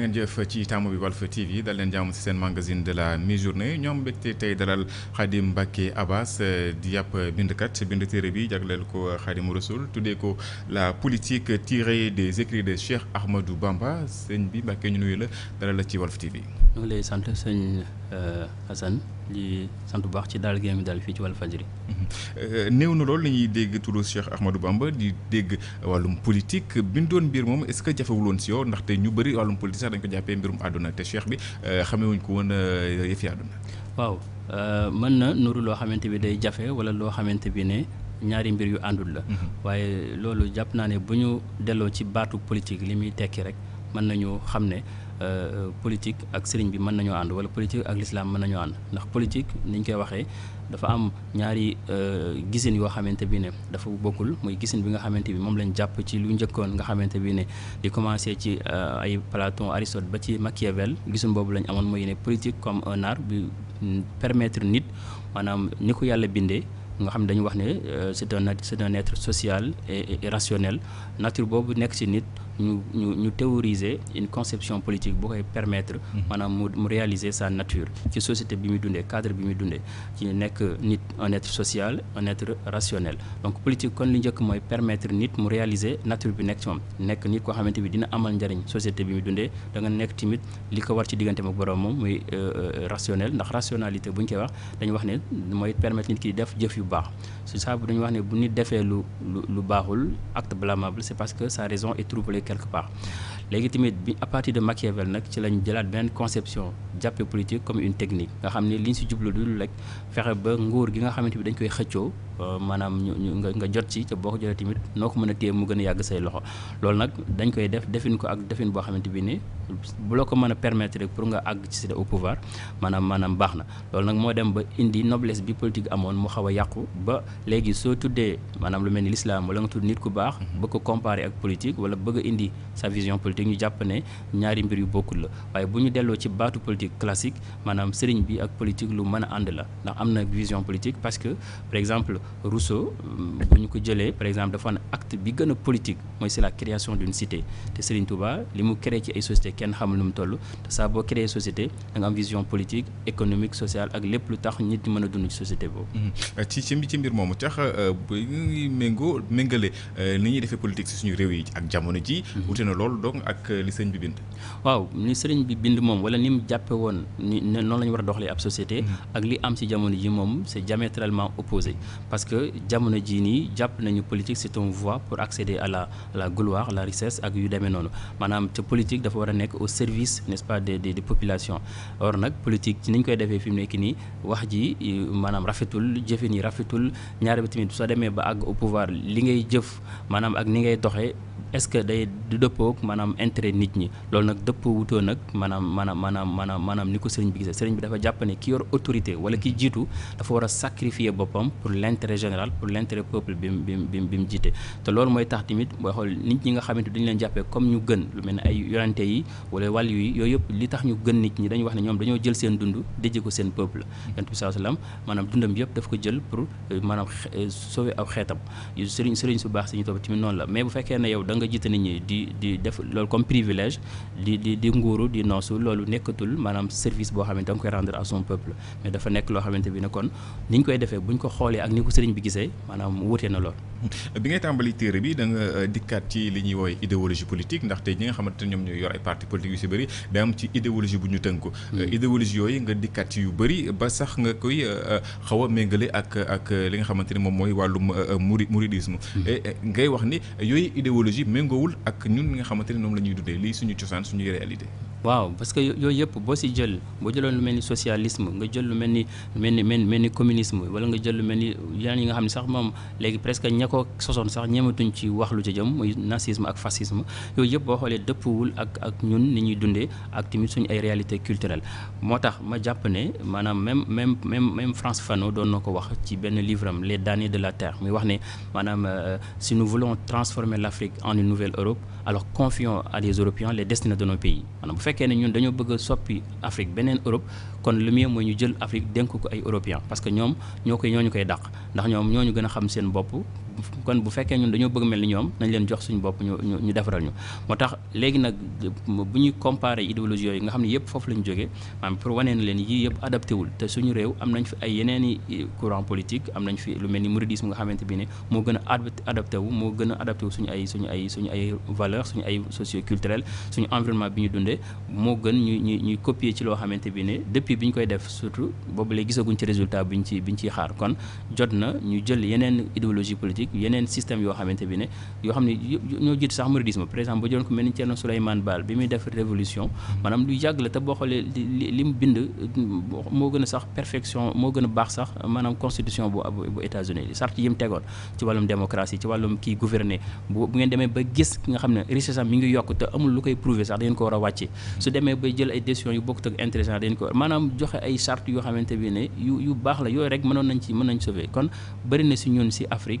jaa ngeen jëf ci taamu bi Walf TV dal leen jàmm si seen magazine de la mi-journée ñoom mbégte tey dalal Khadim Mbacké Abass euh, di yàpp bindkat bind téere bi jagleel ko Khadimu Rasul tuddee ko la politique tirée des écrits de Cheikh Ahmadou Bamba sëñ bi Mbacké ñu nuyu la dalal la ci Walf TV. Euh, Assane li sant baax ci daal géem daal fii ci Walfadjri. Euh, néew na loolu la ñuy dégg turu Cheikh Ahmadou Bamba di dégg wàllum politique bi ñu doon mbir moom est-ce que jafewul si yow ndaxte ñu bari wàllum politique sax dañ ko jàppee mbirum àdduna te Cheikh bi euh, xamewuñ ko woon yëfi àdduna. waaw mën na nuru loo xamante bi day jafe wala loo xamante bi ne. ñaari mbir yu àndul la. Mhm. waaye loolu jàpp naa ne bu ñu delloo ci baatu politique li muy tekki rek mën nañu xam ne. Euh, euh, politique ak sëriñ bi mën nañoo ànd wala politique ak lislaam mën nañoo ànd ndax politique niñ koy waxee dafa am ñaari euh, gisin yoo xamante bi ne dafa bokkul mooy gisin bi nga xamante bi moom lañ jàpp ci lu njëkkoon nga xamante bi ne di commencé ci ay Platon Aristote ba ci Machiavel gisin boobu lañ amoon mooy ne politique comme un bi permettre nit maanaam ni ko yàlla bindee nga xam ne dañu wax ne c'est un c'est un être social et rationnel nature boobu nekk ci nit ñu ñu ñu théoriser une conception politique bu koy permettre mhm. maanaam mu mu réaliser sa nature ci société bi muy dundee cadre bi muy dundee ci nekk nit un être social un être rationnel donc politique kon li njëkk mooy permettre nit mu réaliser nature bi nekk ci moom nekk nit koo xamante bi dina amal njariñ société bi muy dundee danga nga nekk timit li ko war ci diggante ak borom moom muy euh, euh, rationnel ndax rationalité bu ñu koy wax dañu wax ne mooy permettre nit ki def jëf yu baax su saa bu bu nit defee lu lu lu baaxul acte que sa quelque part léegi tamit bi à partir de Machiavel nag ci lañu jëlaat benn conception jàppe politique comme une technique nga xam ne li ñu si jublu dul rek fexe ba nguur gi nga xamante bi dañ koy xëccoo euh, maanaam ñu nga jot ci boo ko jotee tamit noo ko mën a téye mu gën a yàgg say loxo lool nag dañ koy def defin ko ak defin boo xamante bi ni bu la ko mën a permettre rek pour nga àgg ci au pouvoir maanaam maanaam baax na loolu nag moo dem ba indi noblesse bi politique amoon mu xaw a yàqu ba léegi soo tuddee maanaam lu mel ni l'islam wala nga tudd nit ku baax mhm. bëgg ko comparer ak politique wala bëgg indi sa vision ñu jàpp ne ñaari mbir bokkul la waaye bu ñu politique classique maanaam sëriñ bi ak politique lu mën a ànd la ndax am na vision politique parce que par exemple Rousseau mm, bu ñu ko jëlee par exemple dafa ne acte bi gën a politique mooy c'est la création d'une cité te Sëriñ Touba li mu créé ci ay société kenn xamul nu mu toll te saa boo créé société da nga am vision politique économique sociale ak lépp lu tax nit ñi mën a dund ci société boobu. Mm-hmm. Euh, ci ci ci mbir moomu tax euh, bu ñuy méngoo méngale euh, ni ñuy defee politique si suñu réew yi ak jamono ji mm-hmm. wute na loolu donc li sëriñ bi bind. woon ni noonu la ñu war a doxalee ab société. Mm-hmm. ak li am ci jamono ji moom c'est diamétralement opposé parce que jamono jii nii jàpp nañu politique c'est une voie pour accéder à la à la richesse ak yu demee noonu maanaam te politique dafa war a nekk au service n'est-ce pas des des populations or nag politique ci niñ koy defee fi mu nekk nii wax ji maanaam rafetul jëfin yi rafetul ñaare bi tamit soo demee ba àgg au pouvoir li ngay jëf maanaam ak ni ngay doxee. est-ce que day du dëppoo ak maanaam nit ñi loolu nag dëppoo wutoo nag maanaam maanaam manaam maanaam maanaam ni ko sëriñ bi gisee sëriñ bi dafa jàpp ne ki yor autorité wala ki jiitu dafa war a sacrifier boppam pour l'intérêt général pour l'intérêt peuple bi mu bi mu bi mu jiite te loolu mooy tax tamit booy xool nit ñi nga xamante dañu leen jàppee comme ñu gën lu mel ne ay yorante yi wala wàll tax ñu gën nit ñi dañu wax ne ñoom dañoo jël seen dund déjee ko seen peuple yonent bi sallallahu alayhi wasallam maanaam dundam yëpp daf ko jël pour euh, maanaam euh, sauver aw xeetam sëriñ su baax si ñu toog tamit noonu la mais nga jiite nit ñi di di def loolu comme privilège di di di nguuru di noosu loolu nekkatul maanaam service boo xamante da nga koy rendre à son peuple mais dafa loo xamante bi ne kon ni ñu koy defee bu ñu ko xoolee ak ni ko sëriñ bi gisee maanaam wuute na lool. bi ngay tàmbali téere bi da nga euh, dikkaat ci li ñuy woowee idéologie politique ndaxte ñi nga xamante ne ñoom ñooy yor ay parti politique yu si bëri day am ci idéologie bu ñu tënku. Hmm. Euh, idéologie yooyu nga dikkaat ci yu bëri ba sax nga koy euh, xaw a méngale ak ak li nga xamante ne moom mooy wàllum muridisme hmm. ngay wax ni yooyu méngoowul ak ñun nga xamante ne noonu la ñuy dundee lii suñu cosaan suñu réalité. waaw parce que yooyu yëpp boo si jël boo jëloon lu mel ni socialisme nga jël lu mel ni mel ni mel ni communisme wala nga jël lu mel ni yeneen yi nga xam ne sax moom léegi presque ña ko sosoon sax ñematuñ ci wax lu ci jëm muy nazisme ak fascisme yooyu yëpp boo xoolee wul ak ak ñun ni ñuy dundee ak tamit suñu ay réalité culturelle moo tax ma jàpp ne maanaam même même même même France Fanon doon na ko wax ci benn livre am les de la terre muy wax ne maanaam euh, si nous voulons transformer l'Afrique nouvelle Europe alors confion à les Européens les destinées de nos pays maanaam bu fekkee ne ñun dañoo bëgg soppi Afrique beneen Europe kon le mieux mooy ñu jël Afrique dénk ko ay Européens parce que ñoom ñoo ko ñoo ñu koy daq ndax ñoom ñoo ñu gën a xam seen bopp kon bu fekkee ñun dañoo bëgg mel ni ñoom nañ leen jox suñu bopp ñu ñu defaral ñu moo tax léegi nag bu ñuy comparé idéologie yooyu nga xam ne yëpp foofu lañ jógee maanaam pour wanee na leen yii yëpp adapté wul te suñu réew am nañ fi ay yeneen i courant politique am nañ fi lu mel ni mouridisme nga xamante bi ne moo gën a adapté wu moo gën a adapté suñu ay suñu ay suñu ay valeur suñu ay socioculturel suñu environnement bi ñu dundee moo gën ñu ñu ñuy copier ci loo xamante bi ne depuis bi ñu koy def surtout boobu léegi gisaguñ ci résultat biñ ci biñ ciy xaar kon jot na ñu jël yeneen idéologie politique yeneen système yoo xamante bi ne yoo xam ne ñoo jiitu sax mouridisme par exemple ba jëloon ko mel ni Thierno Souleymane Baal bi muy def révolution maanaam lu yàgg la te boo xoolee li li mu bind moo gën a sax perfection moo gën a baax sax maanaam constitution bu bu États-Unis li sart yi mu tegoon ci wàllum démocratie ci wàllum kii gouverner bu bu ngeen demee ba gis ki nga xam ne richesse am mi ngi yokk te amul lu koy prouver sax dañu ko war a wàcce su demee bay jël ay décisions yu bokkut ak intéressant dañu ko maanaam joxe ay charte yoo xamante bi ne yu yu la yooyu rek mënoon nañ ci mën nañ sauver kon bëri na si ñun si Afrique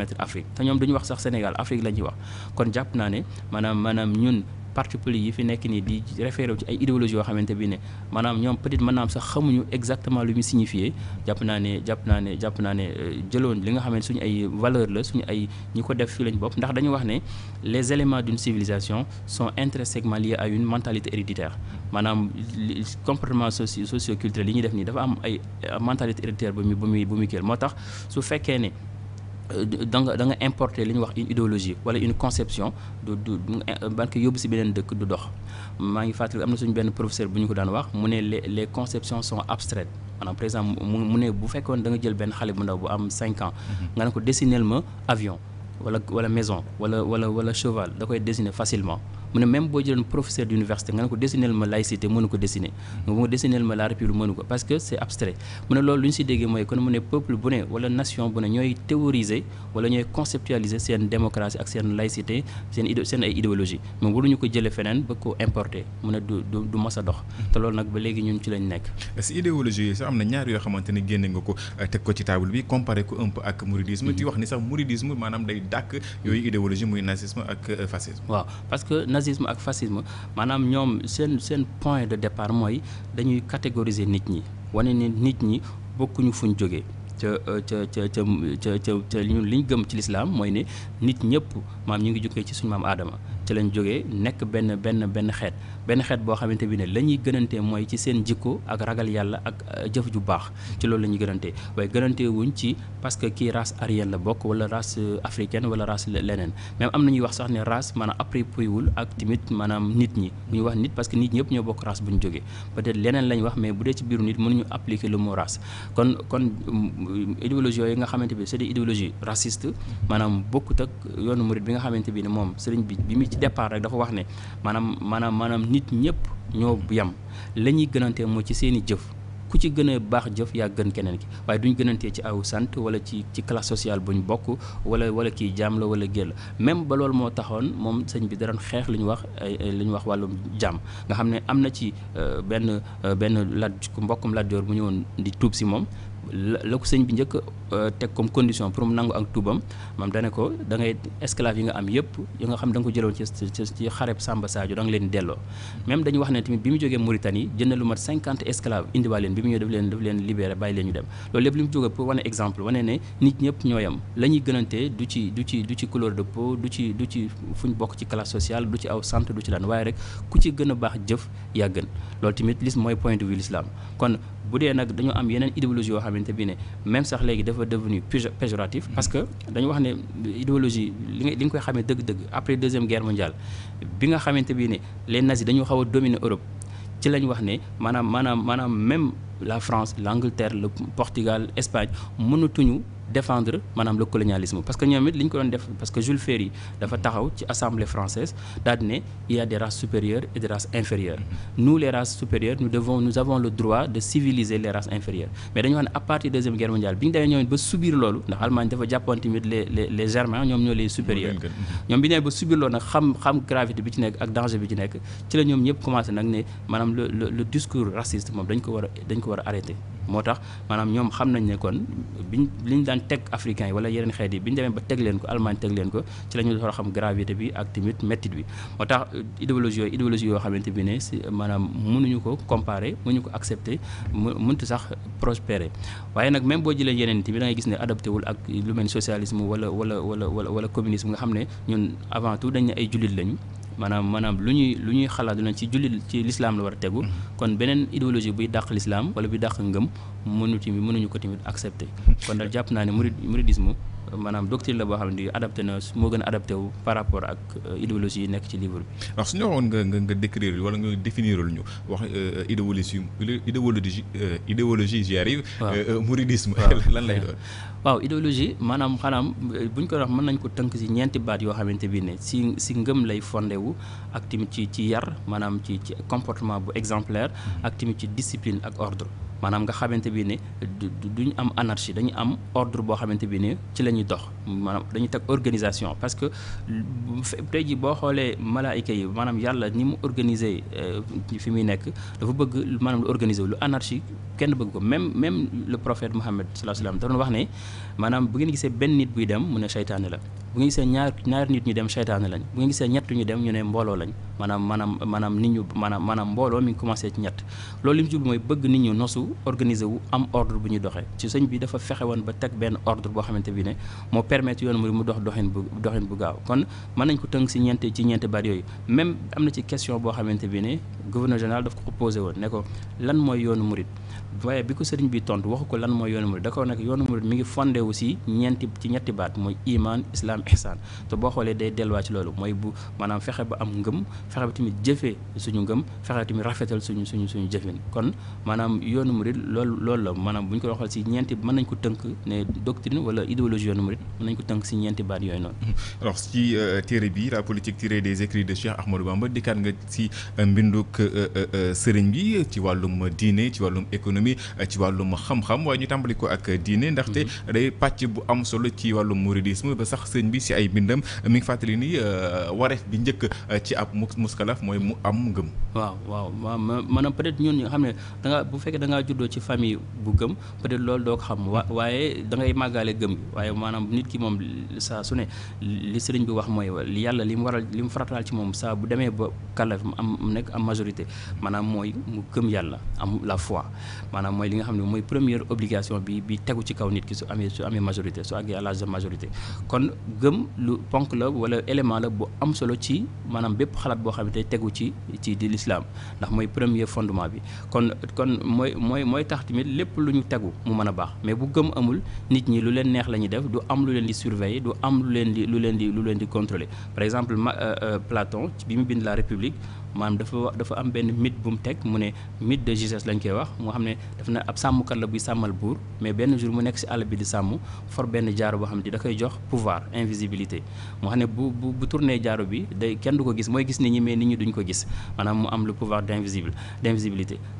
permettre Afrique te ñoom duñu wax sax Sénégal Afrique la wax kon jàpp naa ne maanaam maanaam ñun parti yi fi nekk nii di référé ci ay idéologie yoo xamante bi ne maanaam ñoom peut-être maanaam sax xamuñu exactement lu muy signifié jàpp naa ne jàpp naa ne jàpp naa ne euh, jëloon li nga xamante suñu ay valeur la suñu ay ñi ko def fi lañ bopp ndax dañu wax ne les éléments d'une civilisation sont intrinsèquement liés à une mentalité héréditaire maanaam comportement socio socioculturel yi ñuy def nii dafa am ay mentalité héréditaire bu muy bu muy da nga da nga importer li ñuy wax une idéologie wala une conception du du ban yóbbu si beneen dëkk du dox maa ngi fàttali am na suñu benn professeur bu ñu ko daan wax mu ne les les conceptions sont abstraites maanaam par exemple mu ne bu fekkoon da nga jël benn xale bu ndaw bu am cinq ans mhm. nga ne ko dessinel ma avion wala wala maison wala wala wala cheval da koy dessiner facilement mu ne même boo jëloon professeur d' université nga ne ko dessinel ma laïcité mënu ko dessiner nga mu dessinel ma la république mënu ko ne loolu ñu si déggee mooy kon mu ne peuple bu ne wala nation bu ne a ba léegi ñun ci lañ nekk si idéologie yi am na ñaar yoo xamante ne génne nga ko eh, teg ko ci table bi comparé ko un peu ak mouridisme mm-hmm. di wax yooyu idéologie muy nazisme ak eh, fascisme waaw parce que nazisme ak fascisme maanaam ñoom seen seen point de départ mooy dañuy catégoriser nit ñi wane ne nit ñi bokkuñu fuñ jógee ca ca ca ca ca ca ñun liñ gëm ci lislaam mooy ne nit ñëpp maam ñu ngi jógee ci suñu maam aadama ci lañ jógee nekk benn benn benn xeet benn xeet boo xamante bi ne la ñuy gënantee mooy ci seen jikko ak ragal yàlla ak euh, jëf ju baax ci loolu la gënantee waaye gënantee wuñ ci parce que kii race aryenne la bokk wala race euh, africaine wala race leneen même am na ñuy wax sax ne race maanaam approprié wul ak tamit maanaam nit ñi bu ñu wax nit parce que nit ñëpp ñoo bokk race bu ñu jógee peut-être leneen lañ wax mais bu dee ci biiru nit mënuñu appliquer le mot race kon kon euh, idéologie yooyu nga xamante bi c'est des idéologies racistes maanaam bokkut ak yoonu murid bi nga xamante bi ne moom sëriñ bi bi mu ci départ rek dafa wax ne nit ñëpp ñoo yam la ñuy gënante moo ci seen i jëf ku ci gën a baax jëf yaa gën keneen gi waaye duñ gënantee ci aw sant wala ci ci classe sociale buñ bokk wala wala kii jaam la wala gél même ba loolu moo taxoon moom sëñ bi daroon xeex li ñu wax li ñu wax wàllum jaam nga xam ne am na ci euh, benn euh, benn lat mbokkum Lat bu ñëwoon di tuub si moom la bi njëkk euh, teg comme condition pour mu nangu ak tuubam maam dane ko da ngay esclave yi nga am yëpp yi nga xam da nga ko jëloon ci ci xareb Samba Sadio da nga leen delloo même dañu wax ne tamit bi mu jógee Mauritanie jënd lu mat cinquante esclaves indiwaat leen bi mu ñëw daf leen daf leen libéré bàyyi leen ñu dem loolu lépp li mu jóge pour wane exemple wane ne nit ñëpp ñoo yam la ñuy gënantee du ci du ci du ci couleur de peau du ci du ci fu ñu bokk ci classe sociale du ci aw sant du ci daan waaye rek ku ci gën a baax jëf yaa gën loolu tamit lis mooy point de vue l'islam bu dee nag dañoo am yeneen idéologie yoo xamante bi ne même sax léegi dafa devenu péjoratif mm-hmm. parce que dañu wax ne idéologie li nga li koy xamee dëgg-dëgg après deuxième guerre mondiale bi nga xamante bi ne les nazis dañoo xaw a dominer Europe ci lañ wax ne maanaam maanaam maanaam même la France l'Angleterre le Portugal Espagne mënatuñu défendre maanaam le colonialisme parce que ñoom it li ñu ko doon def parce que Jules Ferry dafa taxaw ci assemblée française daal di ne il y a des races supérieures et des races inférieures mm-hmm. nous les races supérieures nous devons nous avons le droit de civiliser les races inférieures mais dañu wax ne à partir de deuxième guerre mondiale bi ñu demee ñoom ba subir loolu ndax Allemagne dafa jàppoon tamit les germains ñoom ñoo les supérieurs mm-hmm. ñoom bi ñu ba ci nekk ak danger bi ci nekk ci la ñoom ñëpp commencé nag ne maanaam le le discours raciste war a dañ ko war moo tax maanaam ñoom xam nañ ne kon biñ li ñu daan teg africains yi wala yeneen xeet yi bi ñu demee ba teg leen ko Allemagne teg leen ko ci la ñu door a xam gravité bi ak tamit méttit bi moo tax idéologie yooyu yoo xamante bi ne si maanaam mënuñu ko comparer ñu ko accepter mu mënut sax prospérer waaye nag même boo jëlee yeneen tamit da gis ne adopté wul ak lu mel socialisme wala wala wala wala communisme nga xam ne ñun avant tout dañ ne ay jullit lañu maanaam maanaam lu ñuy lu ñuy xalaat lu ci julli ci lislaam la war a tegu mm-hmm. kon beneen idéologie buy dàq lislaam wala buy dàq ngëm mënu tamit mënuñu ko tamit accepter mm-hmm. kon daal jàpp naa ne murid muridisme maanaam doctrine la boo xam ne adapté na moo gën a wu par rapport ak euh, idéologie yi nekk ci livre bi. alors suñu waxoon nga nga nga décrire wala nga définiral ñu wax euh, idéologie idéologie euh, idéologie j'y arrive. mouridisme lan lay doon. waaw idéologie maanaam xanaam buñ ko wax mën nañ ko tënk ci ñeenti baat yoo xamante bi ne si ci ngëm lay fondé wu ak tamit ci ci yar maanaam ci ci comportement bu exemplaire ak tamit ci discipline ak ordre maanaam nga xamante bi ne duñ am anarchie dañu am ordre boo xamante bi ne ci la ñuy dox maanaam dañuy teg organisation parce que tey ji boo xoolee malaayika yi maanaam yàlla ni mu organiser euh, fi muy nekk dafa bëgg maanaam lu organiser lu anarchie kenn bëgg ko même même le prophète Mohammed sallallahu alayhi wa sallam wax ne maanaam bu ngeen gisee benn nit buy dem mu ne seytaane la bu ngeen gisee ñaar ñaari nit ñu dem seytaane lañ bu ngeen gisee ñett ñu dem ñu ne mbooloo lañ maanaam maanaam maanaam ñu maanaam maanaam mbooloo mi ngi commencé ci ñett loolu li mu jublu mooy bëgg nit ñu nosu organiser wu am ordre bu ñu doxee ci sëñ bi dafa fexe woon ba teg benn ordre boo xamante bi ne moo permettre yoon mu dox doxin bu doxin bu gaaw kon mën nañ ko tënk si ñeente ci ñeente baat yooyu même am na ci question boo xamante bi ne gouverneur général daf ko posé woon ne ko lan mooy yoonu murit waaye bi ko sëriñ bi tontu waxu ko lan mooy yoonu murid da ko nag yoonu murid mi ngi fondé wu ñeenti ci ñetti baat mooy iman islam ihsan te boo xoolee day delluwaat ci loolu mooy bu maanaam fexe ba am ngëm fexe ba tamit jëfee suñu ngëm fexe tamit rafetal suñu suñu suñu jëfin kon maanaam yoonu mu loolu loolu la maanaam bu ñu ko waxal si ñeenti mën nañ ko tënk ne doctrine wala idéologie yoonu murid mën nañ ko tënk si ñeenti baat yooyu noonu alors ci euh, téere bi la politique tirée des écrits de Cheikh Ahmadou Bamba dikkaat nga si euh, mbinduk euh, sëriñ bi ci wàllum diine ci wàllum économie mi ci wàllum xam-xam waaye ñu tàmbali ko ak diine ndaxte mhm. day pàcc bu am solo ci wàllu wàllum mouridisme ba sax sëñ bi si ay mbindam mi ngi fàttali ni euh, wareef bi njëkk euh, ci ab muskalaf mooy mu am ngëm. waaw waaw maanaam peut-être ñun ñi nga xam bu fekkee da ngaa juddoo ci famille bu gëm peut-être loolu doo ko xam wa waaye da ngay màggaale gëm bi waaye maanaam nit ki moom saa su ne li sëriñ bi wax mooy yàlla li mu waral li mu farataal ci moom saa bu demee ba kàlla am nekk am majorité maanaam mooy mu gëm yàlla am la foi. maanaam mooy li nga xam ne mooy première obligation bi bi tegu ci kaw nit ki su amee su amee majorité su àggee à de majorité kon gëm lu ponk la wala élément la bu am solo ci maanaam bépp xalaat boo xam ne tegu ci ci di lislaam ndax mooy premier fondement bi kon kon mooy mooy mooy tax tamit lépp lu ñu tegu mu mën a baax mais bu gëm amul nit ñi lu leen neex la ñuy def du am lu leen di surveiller du am lu leen di lu leen di lu leen di contrôler par exemple euh, euh, Platon bi mu bind la République maanaam dafa dafa am benn mythe bu mu teg mu ne mythe de Gygès lañu koy wax moo xam ne daf na ab sàmmkat la buy sàmmal buur mais benn jour mu nekk si àll bi di sàmm for benn jaaro boo xam ne da koy jox pouvoir invisibilité moo xam ne bu bu bu tourné jaaro bi day kenn du ko gis mooy gis nit ñi mais nit ñi duñ ko gis maanaam mu am le pouvoir d' invisible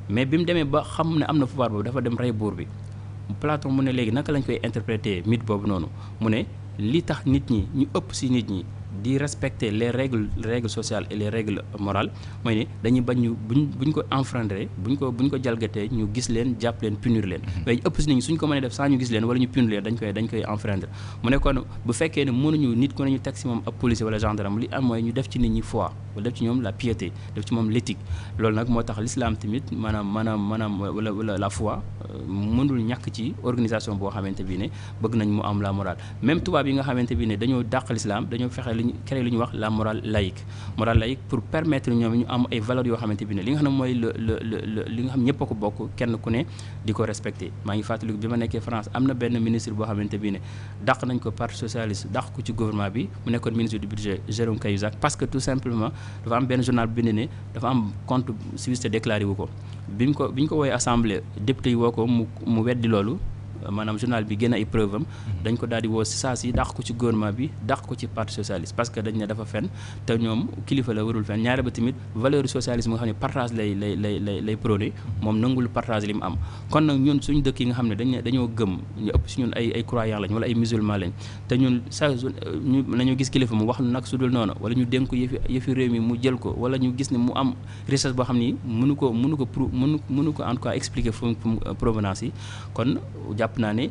mais bi mu demee ba xam ne am na pouvoir boobu dafa dem rey buur bi Platon mu ne léegi naka lañ koy interpréter mythe boobu noonu mu ne li tax nit ñi ñu ëpp si nit ñi. di respecter les règles règles sociales et les règles morales mooy ne dañuy bañ ñu buñ buñ ko enfreindre buñ ko buñ ko jalgatee ñu gis leen jàpp leen punir leen mais mhm. ëpp si nañu suñ ko mënee def sans ñu gis leen wala ñu punir leen dañ koy dañ koy enfreindre mu ne kon bu fekkee ne mënuñu nit ku ne ñu teg si moom ab policier wala gendarme li am mooy ñu def ci nit ñi foi exemple def ci ñoom la piété def ci moom l'éthique loolu nag moo tax l'islam tamit maanaam maanaam maanaam wala la foi euh, mënul ñàkk ci organisation boo xamante bi ne bëgg nañ mu am la morale même tubaab yi nga xamante bi ne dañoo dàq l'islam dañoo fexe li ñu créé li ñuy wax la morale laïque morale laïque ñoom ñu am ay valeurs yoo xamante bi ne li nga xam ne mooy le nga xam ñëpp a ko bokk kenn ku ne di ko respecté maa ngi fàttaliku bi ma nekkee France am na benn ministre boo xamante bi ne dàq nañ ko parti socialiste dàq ko ci gouvernement bi mu nekkoon ministre du budget Jérôme Cahuzac parce que tout dafa am benn journal bi bind ne dafa am compte Suisse te wu ko bi ñu ko bi ñu ko woowee assemblée député yi ko mu mu weddi loolu maanaam journal bi génn ay preuve am mm-hmm. dañ ko daal di woo si saa si dàq ko ci gouvernement bi dàq ko ci parti socialiste parce que dañ ne dafa fen te ñoom kilifa la warul fen ñaare ba tamit valeur socialisme nga xam ne partage lay lay lay lay moom nangul partage li mu am kon nag ñun suñ dëkk yi nga xam ne dañ dañoo gëm ñu ëpp si ñun ay ay croyants lañ wala ay musulman lañ te ñun saa ñu nañu gis kilifa mu wax nag su dul noonu wala ñu dénk ko yëfi yëfi réew mi mu jël ko wala ñu gis ne mu am richesse boo xam ni mënu ko mënu ko mënu mënu ko en tout cas expliquer fu provenance yi kon jàpp naa ne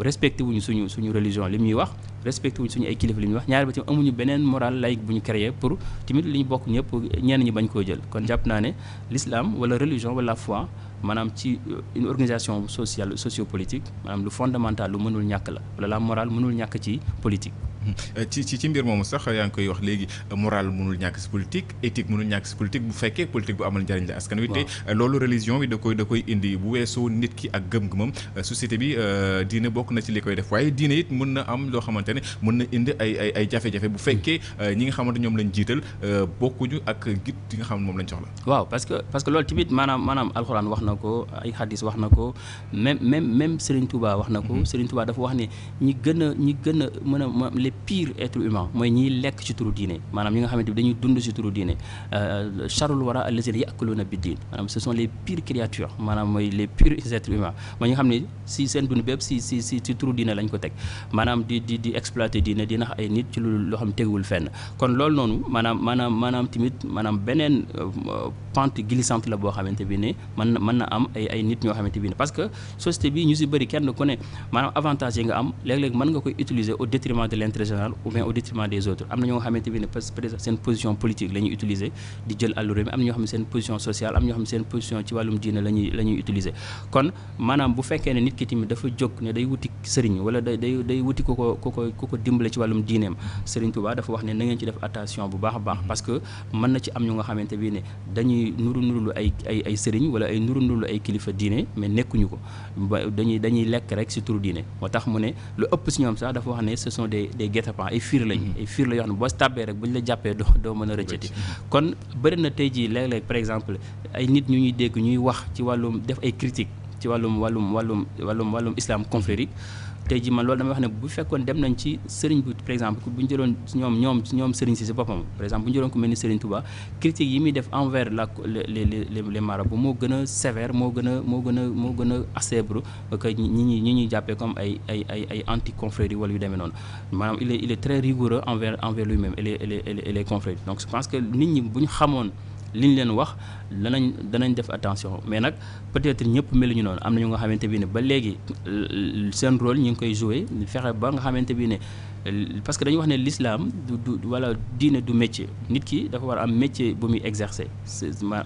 respecté wuñu suñu suñu religion li muy wax respecté wuñu suñu ay kilifa li muy wax ñaari ba tamit amuñu beneen moral laïque buñu ñu pour tamit li ñu bokk ñëpp ñenn ñi bañ koo jël kon jàpp naa ne l'islam wala religion wala foi maanaam ci euh, une organisation sociale sociopolitique maanaam lu fondamental lu mënul ñàkk la wala la morale mënul ñàkk ci politique Euh, ci ci ci mbir moomu sax yaa ngi koy wax léegi euh, moral mënul ñàkk si politique éthique mënul ñàkk si politique bu fekkee politique bu amal njariñ la askan wi euh, loolu religion bi da koy da koy indi bu weesoo nit ki ak gëm-gëmam société bi diine bokk na ci li koy def waaye diine it mën na am loo xamante na indi ay bu fekkee ñi nga xamante ñoom lañ jiital bokkuñu ak git yi nga xam ne moom lañ soxla waaw parce que parce que loolu tamit maanaam maanaam alxuraan wax na ko ay xadis wax na ko même même même Serigne wax na ko mm-hmm. Serigne a ñi a mën pire être humain mooy ñiy lekk ci turu diine maanaam ñi nga xamante bi dañuy dund ci turu diine euh, charul wara allazina yakuluna bi diin maanaam ce sont les pires créatures maanaam mooy les pires êtres humains mooy ñi nga xam ne si seen dund bépp si si diine lañ ko teg maanaam di di di diine di nax ay nit ci lu loo xam teguwul fenn kon loolu noonu maanaam maanaam maanaam tamit maanaam beneen euh, pente glissante la boo xamante bi ne mën na mën na am ay ay nit ñoo xamante bi ne parce que société bi ñu si bëri kenn ku ne maanaam assemblée ou bien au détriment des autres am na ñoo xamante bi ne seen position politique la ñuy di jël àllu am na ñoo xam seen position sociale am ñoo xam seen position ci wàllum diine la ñuy kon maanaam bu fekkee ne nit ki tamit dafa jóg ne day wuti sëriñ wala day day day wuti ko ko ku ko ko dimbale ci wàllum diineem sëriñ Touba dafa wax ne na ngeen ci def attention bu baax a baax parce que mën na ci am ñu nga xamante bi ne dañuy nuru nurulu ay ay sëriñ wala ay nuru nurulu ay kilifa diine mais nekkuñu ko dañuy dañuy lekk rek si turu diine moo tax mu ne lu ëpp si ñoom sax dafa wax ne seson sont des des guet-apens ay fiir lañ mm-hmm. ay fiir la yoo xam ne boo tàbbee rek buñ la jàppee doo doo mën a rëccati kon bëri na tey jii léeg par exemple ay nit ñu ñuy ñuy wax ci wàllum def ay critique ci wàllum wàllum wàllum wàllum wàllum islam confrérie tey ji man loolu damay wax ne bu fekkoon dem nañ ci sëriñ bi par exemple bu ñu jëloon ñoom ñoom ñoom sëriñ si si boppam par exemple bu ñu ko mel ni sëriñ Touba critique yi muy def envers la les les les moo gën a sévère moo gën a moo gën a moo gën a acèbre ñi ñi ñi ñuy jàppee comme ay ay ay ay anti confrérie wala yu demee noonu maanaam il est il est très rigoureux envers envers lui-même et les et les et les li ñu leen wax danañ danañ def attention mais nag peut-être ñëpp meluñu noonu am na ñu nga xamante bi ne ba léegi seen rôle ñu ngi koy joué fexe ba nga xamante bi ne parce que dañuy wax ne lislaam du du wala diine du métier nit ki dafa war a am métier bu muy exercer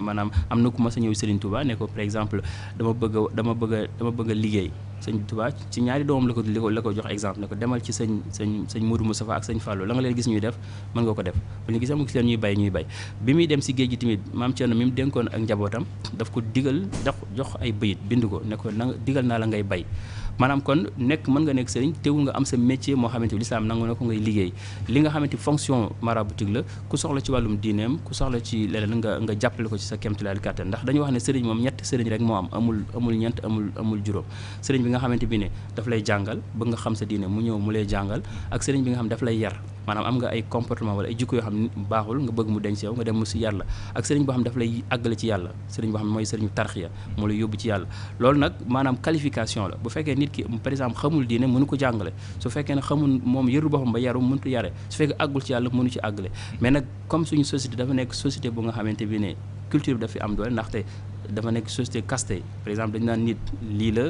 maanaam am na ku ma sa ñëw Serigne Touba ne ko par exemple dama bëgg dama bëgg dama bëgg liggéey sëñ Tuubaa ci ñaari doomam la ko li ko la ko jox exemple ne ko demal ci sañ sëñ sëñ Modou Moustapha ak sëñ Fallou la nga leen gis ñuy def mën nga ko def bu ñu gis am gis leen ñuy bay ñuy bay bi muy dem si géej gi tamit maam Thierno mi mu dénkoon ak njabootam daf ko digal daf jox ay bayit bind ko ne ko na digal naa la ngay bay maanaam kon nekk mën nga nekk sëriñ teewul nga am sa métier moo xamante bi lislaam nangu na ko ngay liggéey li nga xamante fonction maraboutique la ku soxla ci wàllum diineem ku soxla ci leneen nga nga jàppale ko ci sa kéemtalaal kàttan ndax dañu wax ne sëriñ moom ñett sëriñ rek moo am amul amul ñeent amul amul juróom sëriñ bi nga xamante bi ne daf lay jàngal ba nga xam sa diine mu ñëw mu lay jàngal ak sëriñ bi nga xam daf lay yar maanaam am nga ay comportement wala ay jikko yoo xam ne baaxul nga bëgg mu denc yow nga dem si yàlla ak sëriñ boo xam ne lay àggale ci yàlla sëriñ boo xam ne mooy sëriñu tarxiya moo lay yóbbu ci yàlla loolu nag maanaam qualification la bu fekkee nit ki par exemple xamul diine mënu ko jàngale su fekkee ne xamul moom yëru boppam ba yaru mënut yare su fekkee àggul ci yàlla mënu ci àggale mais nag comme suñu société dafa nekk société bu nga xamante bi ne culture bi am doole ndaxte dafa nekk société caste par exemple dañu naan nit lii la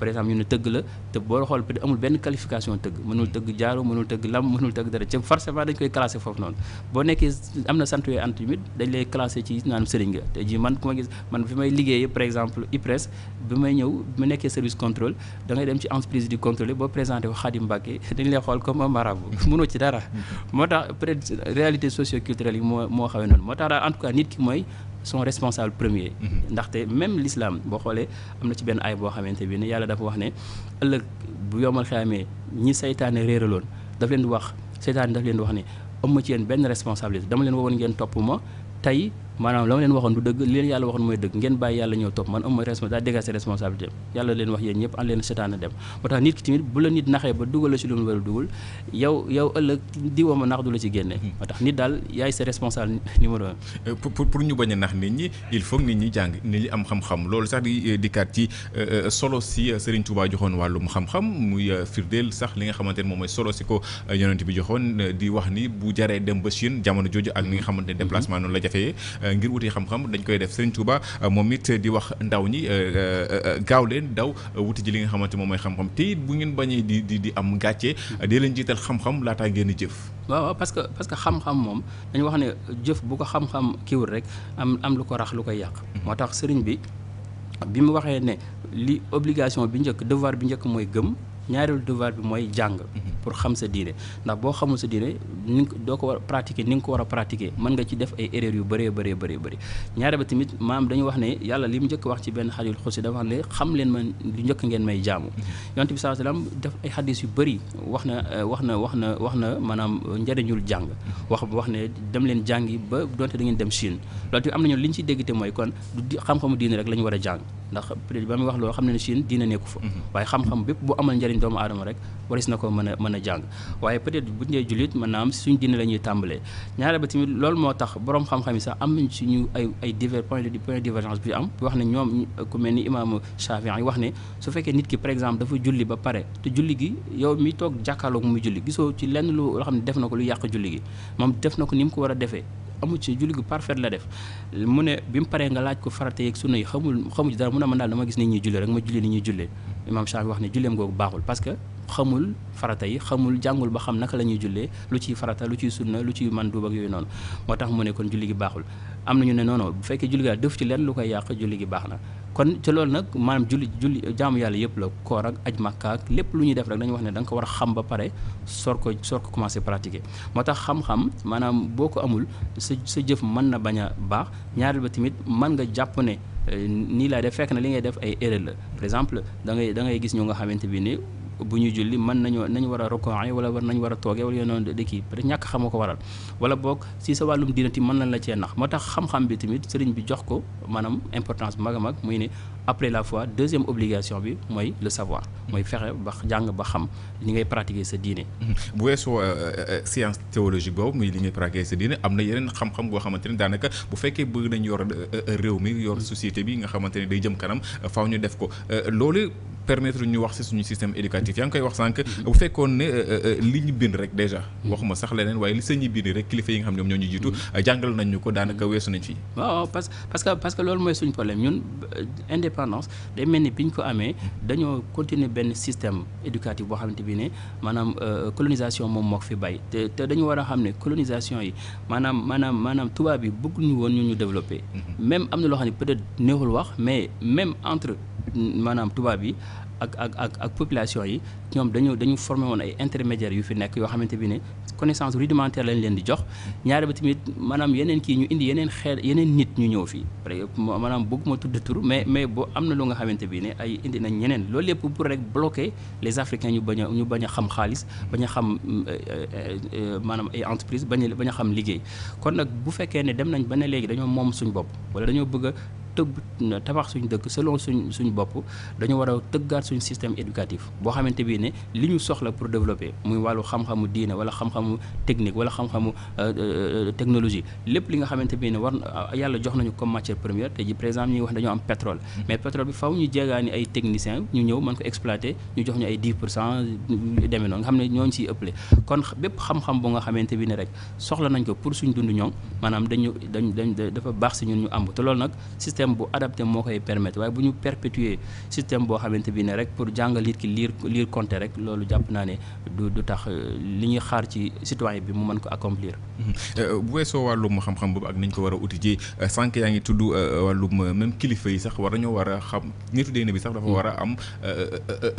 par exemple ñu ne tëgg la te boo xool amul benn qualification tëgg mënul tëgg jaaro mënul tëgg lam mënul tëgg dara ci forcément dañ koy classé foofu noonu boo nekkee am na sant yooyu ant dañ lay classé ci naan sëriñ nga te ji man ku man bi may liggéeyee par exemple IPRES bi may ñëw bi nekkee service contrôle da ngay dem ci entreprise di contrôle boo présenté ko Khadim Mbacké dañ lay xool comme un marabout mënoo ci dara mm-hmm. moo tax peut être réalité socio culturelle yi moo moo xawee noonu moo tax daal en tout cas nit ki mooy son responsables premier mm-hmm. ndaxte même lislaam boo xoolee am na ci benn ay boo xamante bi ne yàlla dafa wax ne ëllëg bu yomal xamee ñi saytaane réeraloon daf leen di wax saytaane daf leen wax ne am ma ci yéen benn responsabilité dama leen wowoon ngeen topp ma tey. maanaam la ma leen waxoon du dëgg li leen yàlla waxoon mooy dëgg ngeen bàyyi yàlla ñëw topp man am responsable daa yàlla leen wax yéen ñëpp an leen setaan a dem ba tax nit ki tamit bu la nit naxee ba dugal la a nax du la ci génne ba hmm. tax daal yaay sa responsable numéro un euh, pour pour ñu bañ a nax nit ñi il faut nit ñi jàng nit ñi am xam-xam loolu sax di dikkaat ci euh, euh, solo si Serigne Touba joxoon wàllum xam-xam muy firdeel sax li nga xamante ne moom mooy solo si ko yonent bi joxoon di wax ni bu jaree dem ba Chine jamono jooju ak li nga xamante ne hmm. déplacement noonu la jafee Euh, ngir wuti xam-xam dañ koy def Serigne Touba euh, moom it di wax ndaw ñi euh, gaaw leen daw wuti ji li nga xamante moom mooy xam-xam te it bu ngeen bañee di di di am gàcce dee leen jiital xam-xam laataa ngeen di jëf. waaw waaw parce que parce que xam-xam moom dañu wax ne jëf bu ko xam-xam kiwul rek am am lu ko rax lu koy yàq. Mhm. moo tax Serigne bi bi mu waxee ne li obligation bi njëkk devoir bi njëkk mooy gëm. ñaareelu devoir bi mooy jàng. pour xam sa diine ndax boo xamul sa diine ni doo ko war a pratiquer ni nga ko war a pratiquer man nga ci def ay erreurs yu bëree bëree bëri bëri. ñaare ba tamit maam dañu wax ne yàlla li mu njëkk wax ci benn xadisul xudsi dafa ne xam leen man lu njëkk ngeen may jaamu. yonent bi sallallahu alayhi wasallam def ay xadis yu bëri wax na euh, wax na wax na wax na maanaam njëriñul jàng wax wax ne dem leen jàng yi ba donte da ngeen dem Chine loolu tamit am nañu li ñu ci mooy kon du xam diine rek la ñu war a jàng. ndax peut-être ba muy wax loo xam ne ne Chine dina nekku fa mhm. waaye xam-xam bépp bu amal njëriñ doomu aadama rek waris na ko mën a mën a jàng waaye peut-être bu ñu jullit mën naa am suñ diine la ñuy tàmbalee ñaare ba tamit loolu moo tax borom xam-xam yi sax am nañ ñu ay ay divers point de point de divergence bi am wax ne ñoom ku mel ni imaamu Shafi'i wax ne su fekkee nit ki par exemple dafa julli ba pare te julli gi yow mi toog jàkkaarloo muy julli gisoo ci lenn lu loo xam ne def na ko lu yàq julli gi moom def na ko ni mu ko war a defee amu ci julli gu parfaite la def mu ne bi mu paree nga laaj ko farata yeeg sunna yi xamul xamul ci dara mu a man daal dama gis ni ñuy julli rek ma julli ni ñuy jullee imaam Shaafi wax ne julleem googu baaxul parce que xamul farata yi xamul jàngul ba xam naka la ñuy jullee lu ciy farata lu ciy sunna lu ciy man duub ak yooyu noonu moo tax mu ne kon julli gi baaxul am nañu ne non bu fekkee julli gi daal def ci lenn lu koy yàq julli gi baax na kon ci loolu nag maanaam julli julli jaamu yàlla yëpp la koor ak aj makka ak lépp lu ñuy def rek dañu wax ne danga ko war a xam ba pare soor ko soor ko commencé pratiquer moo tax xam-xam maanaam boo ko amul sa sa jëf mën na bañ a baax ñaareel ba tamit mën nga jàpp ne eh, nii laa def fekk na li ngay def ay erreur la par exemple da ngay da ngay gis ñu nga xamante bi nii bu ñuy julli mën nañu nañu war a rokooy wala war nañu war a toogee wala yoon de kii peut-être ñàkk xam ko waral wala boog si sa wàllum diinati mën nañ la cee nax moo tax xam-xam bi tamit sëriñ bi jox ko maanaam importance bu mag a mag muy ne après la fois deuxième obligation bi mooy le savoir mooy fexe ba jàng ba xam li ngay pratiquer sa diine. bu weesoo euh, euh, science théologique boobu muy li ngay pratiquer sa diine am na yeneen xam-xam boo xamante ne daanaka bu fekkee bëgg nañ yor euh, réew mi yor société bi nga xamante ne day jëm kanam faaw ñu def ko loolu. permettre ñu wax ci suñu système éducatif yaa ngi koy wax sànq. Mm-hmm. bu fekkoon ne euh, euh, euh, li ñu bind rek déjà. Mm-hmm. waxuma sax leneen waaye li sa bind rek kilifa yi nga xam ñoom ñoo ñu jiitu. Mm-hmm. jàngal nañ ñu ko daanaka weesu nañ fi. waaw parce parce que parce que loolu mooy suñu problème ñun indépendance day mel ni bi ñu ko amee dañoo continuer benn système éducatif boo xamante bi ne maanaam colonisation moom moo ko fi bàyyi te te dañu war a xam ne colonisation yi maanaam maanaam maanaam tubaab yi bëgguñu woon ñu ñu développer. même am na loo xam ne peut-être neexul wax mais même entre. maanaam tubaab yi ak ak ak population yi ñoom dañoo dañu formé woon ay intermédiaires yu fi nekk yoo xamante bi ne connaissance rudimentaire lañ leen di jox ñaari ba tamit maanaam yeneen kii ñu indi yeneen xeet yeneen nit ñu ñëw fii par exemple maanaam bëgguma tudd tur mais mais boo am na lu nga xamante bi ne ay indi nañ ñeneen loolu lépp pour rek bloquer les africains ñu bañ a ñu bañ a xam xaalis baña xam euh, euh, euh, maanaam ay entreprise bañ a bañ xam liggéey kon nag bu fekkee ne dem nañ ba ne léegi moom suñ bopp tëgg tabax suñu dëkk selon suñ suñu bopp dañu war a tëggaat suñu système éducatif boo xamante bii ne li ñu soxla pour développer muy wàllu xam-xamu diine wala xam-xamu technique wala xam-xamu euh, euh, euh, technologie lépp li nga xamante bi ne war yàlla jox nañu comme matière première te ji par exemple ñuy wax dañoo am pétrole mais pétrole bi faw ñu jeegaani ay techniciens ñu ñëw man ko exploiter ñu jox ñu ay dii pour cent demee noonu nga xam ne ñooñu siy ëppale kon bépp xam-xam bu nga xamante bi ne rek soxla nañ ko pour suñ dund ñoom maanaam dañu dañ dañ dafa baax si ñun ñu am système bu adapté moo koy permettre waaye bu ñu perpétuer système boo xamante bi ne rek pour jàngal nit ki liir liir compter rek loolu jàpp naa ne du du tax euh, li ñuy xaar ci citoyen bi mu man ko accomplir. Mm-hmm. Euh, bu weesoo wàllum xam-xam boobu ak ni ñu ko war a uti ji euh, sànq yaa ngi tudd wàllum même kilifa yi sax war nañoo war a xam nitu déedéet bi sax dafa war a am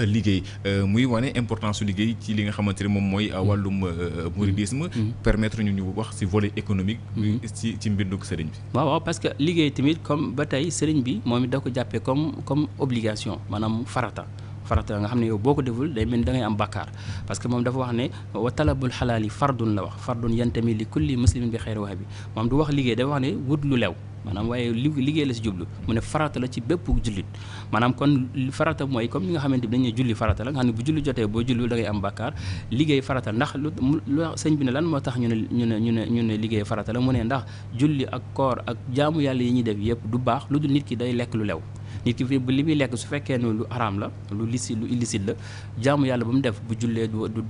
liggéey muy wane importance su liggéey ci li nga xamante ne moom mooy mm-hmm. wàllum mouridisme. Mm-hmm. permettre ñu ñu wax ci volet économique. ci ci mbindug sëriñ bi. waaw waaw parce liggéey tamit comme ba tey tey sëriñ bi moom it da ko jàppee comme comme obligation maanaam farata farata nga xam ne yow boo ko deful day mel ni da ngay am bàkkaar parce que moom dafa wax ne wa talabul far fardun la wax fardun yantami li kulli muslimin bi xeyri wax bi moom du wax liggéey dafa wax ne wut lu lew maanaam waaye li liggéey la si jublu mu ne farata la ci bépp jullit maanaam kon farata mooy comme ni nga xamante bi dañuy julli farata la nga xam ne bu julli jotee boo julli da am bàkkaar liggéey farata ndax lu lu sëñ bi ne lan moo tax ñu ne ñu ne ñu ne ñu ne liggéey farata la mu ne ndax julli ak koor ak jaamu yàlla yi ñuy def yëpp du baax lu dul nit ki day lekk lu lew nit ki li muy lekk su fekkee ne lu araam la lu lisi lu illicite la jaamu yàlla bu mu def bu jullee du du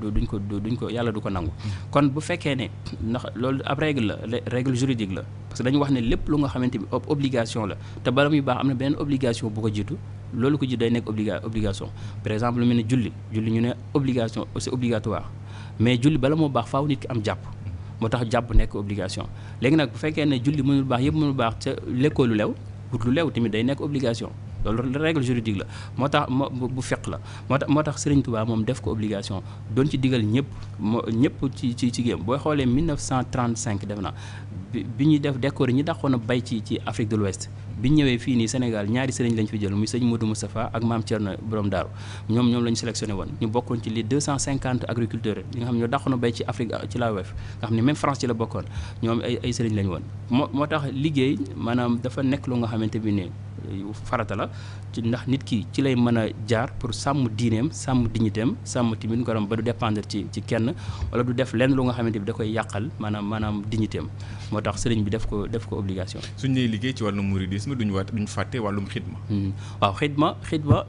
du duñ ko duñ ko yàlla du ko nangu. Mm-hmm. kon bu fekkee ne ndax loolu ab règle la règle juridique la parce que dañu wax ne lépp lu nga xamante ni obligation la te bala muy baax am na benn obligation bu ko jiitu. loolu ko ji day nekk obliga obligation par exemple lu mel ne julli julli ñu ne obligation c'est obligatoire mais julli bala moo baax faw nit ki am jàpp moo tax jàpp nekk obligation léegi nag bu fekkee ne julli mënul baax yëpp mënul baax ca lekkoo lew ut lu lew tamit day nekk obligation loolu règle juridique la moo tax bu feq la moo tax moo tax Serigne moom def ko obligation doon ci digal ñëpp moo ñëpp ci ci ci géem booy xoolee 1935 def na bi ñuy def décor ñi dàqoon a bay ci ci Afrique de l'Ouest bi ñëwee fii nii Sénégal ñaari sëriñ lañ fi jël muy sëñ Modou Moustapha ak maam Thierno Borom Daaru ñoom ñoom la ñu woon ñu bokkoon ci li 250 agriculteurs yi nga xam ñoo dàqoon bay ci Afrique ci la wef nga xam ne même France ci la bokkoon ñoom ay sëriñ lañ woon moo tax liggéey maanaam dafa nekk lu nga xamante bi ne yu farata la ci ndax nit ki ci lay mën a jaar pour sàmm diineem sàmm dignitéem sàmm timit ngoram ba du dépendre ci ci kenn wala du def lenn lu nga xamante bi da koy yàqal maanaam maanaam dignitéem moo tax sëriñ bi def ko def ko obligation. suñ lay liggéey ci wàllum mouridisme duñu waat duñu fàtte wàllum xidma. Hmm. waaw xidma xidma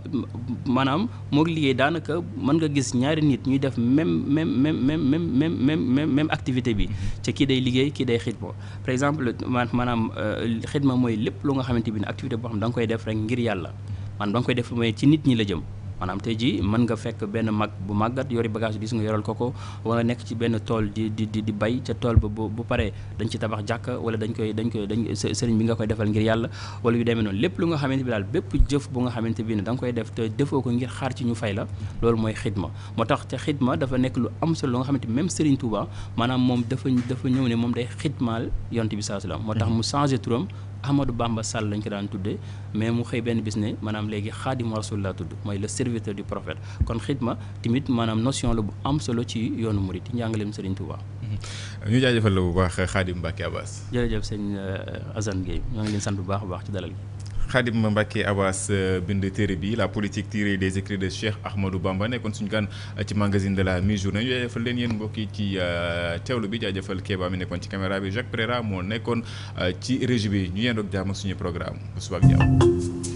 maanaam moo liggéey daanaka mën nga gis ñaari nit ñuy def même même même même même même même activité bi hmm. ci kii day liggéey kii day xidma par exemple maanaam euh, xidma mooy lépp lu nga xamante bi ne activité boo xam da koy def rek ngir yàlla man da nga koy def mais ci nit ñi la jëm maanaam tey jii mën nga fekk benn mag bu màggat yori bagage su nga yoral ko ko wala nekk ci benn tool di di di bay ca tool ba bu bu paree dañ ci tabax jàkk wala dañ koy dañ koy dañ sëriñ bi nga koy defal ngir yàlla wala yu demee noonu lépp lu nga xamante bi daal bépp jëf bu nga xamante bi ne danga koy def te defoo ko ngir xaar ci ñu fay la loolu mooy xidma moo tax te xidma dafa nekk lu am solo lu nga xamante même sëriñ Touba moom dafa dafa ñëw ne moom day xidmaal yonte bi saa salaam moo tax mu changé turam Ahmadou Bamba Sall lañ ko daan tuddee mais mu xëy benn bis ne maanaam léegi xaadimu rasul laa tudd mooy le serviteur du prophète kon xidma tamit maanaam notion la bu am solo ci yoonu murit njàngaleem Serigne Touba. Mhm. ñu jaajëfal la bu baax Xaadim Mbacke Abbas. jërëjëf sëñ euh, Assane Gueye ñoo ngi leen sant bu baax a baax ci dalal gi. Khadim Mbacké Abass euh, bind téere bi la politique tirée des écrits de Cheikh Ahmadou Bamba nekkoon suñu gan euh, ci magazine de la mi-journée ñu jaajëfal leen yéen mbokk yi ci euh, teewlu bi jaajëfal Kéba mi nekkoon ci caméra bi Jacques Préra moo nekkoon ci régie bi ñu yendoog jàmm ak suñu programme bu subaak jàmm